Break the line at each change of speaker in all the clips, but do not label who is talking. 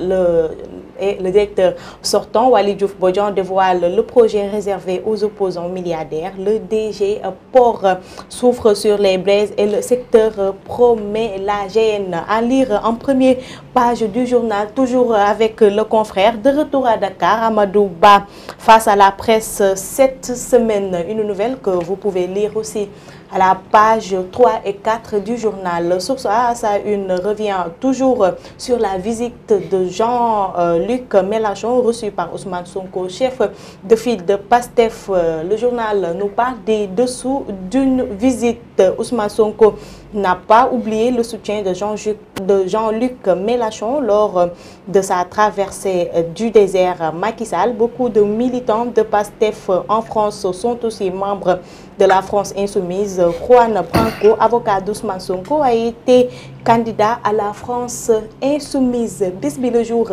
le, directeur sortant, Wali Diouf Bodjan, dévoile le projet réservé aux opposants milliardaires. Le DG Port souffre sur les braises et le secteur promet la gêne. À lire en première page du journal, toujours avec le confrère de retour à Dakar, Amadou Ba, face à la presse cette semaine. Une nouvelle que vous pouvez lire aussi à la page 3 et 4 du journal. Source A, ça une revient toujours sur la visite de Jean-Luc euh, Mélenchon, reçu par Ousmane Sonko, chef de file de PASTEF. Euh, le journal nous parle des dessous d'une visite. Ousmane Sonko n'a pas oublié le soutien de Jean-Luc de Jean-Luc Mélenchon lors euh, de sa traversée euh, du désert euh, Macky Sall. Beaucoup de militants de PASTEF en France sont aussi membres de la France Insoumise. Juan Branco, avocat d'Ousmane Sonko, a été candidat à la France Insoumise. Bisby le jour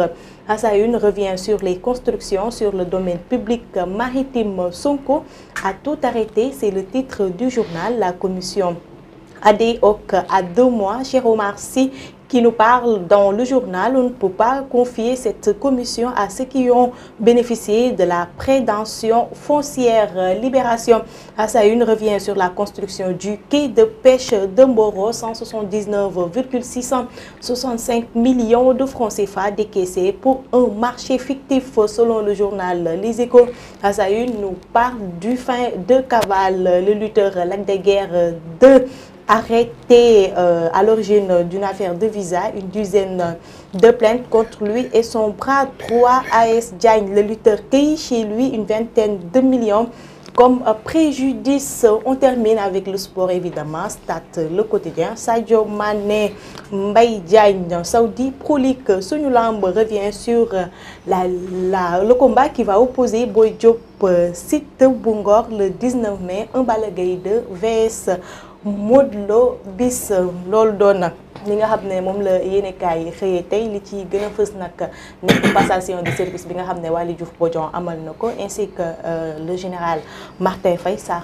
une, revient sur les constructions sur le domaine public maritime Sonko. A tout arrêté, c'est le titre du journal. La commission Adéok à deux mois chez Omar qui nous parle dans le journal. On ne peut pas confier cette commission à ceux qui ont bénéficié de la prédation foncière. Libération à revient sur la construction du quai de pêche de Moro, 179,665 millions de francs CFA décaissés pour un marché fictif selon le journal Les Échos. À nous parle du fin de cavale, le lutteur Lac de Guerre 2 arrêté euh, à l'origine d'une affaire de visa, une dizaine de plaintes contre lui et son bras droit AS Diagne, le lutteur a chez lui une vingtaine de millions comme préjudice. On termine avec le sport évidemment, Stat le quotidien, Sadio Mane, Mbaye Diagne, Saudi Pro League, Lambe revient sur le combat qui va opposer Boy Diop, euh, site Bungor le 19 mai, un balagaïde de VS modlo bis loldona. doon habne li nga kai. ne moom la yéenekaay yi xëyee li ci passation de service bi nga wali ne Waly amal noko ainsi que euh, le général Martin Fay saa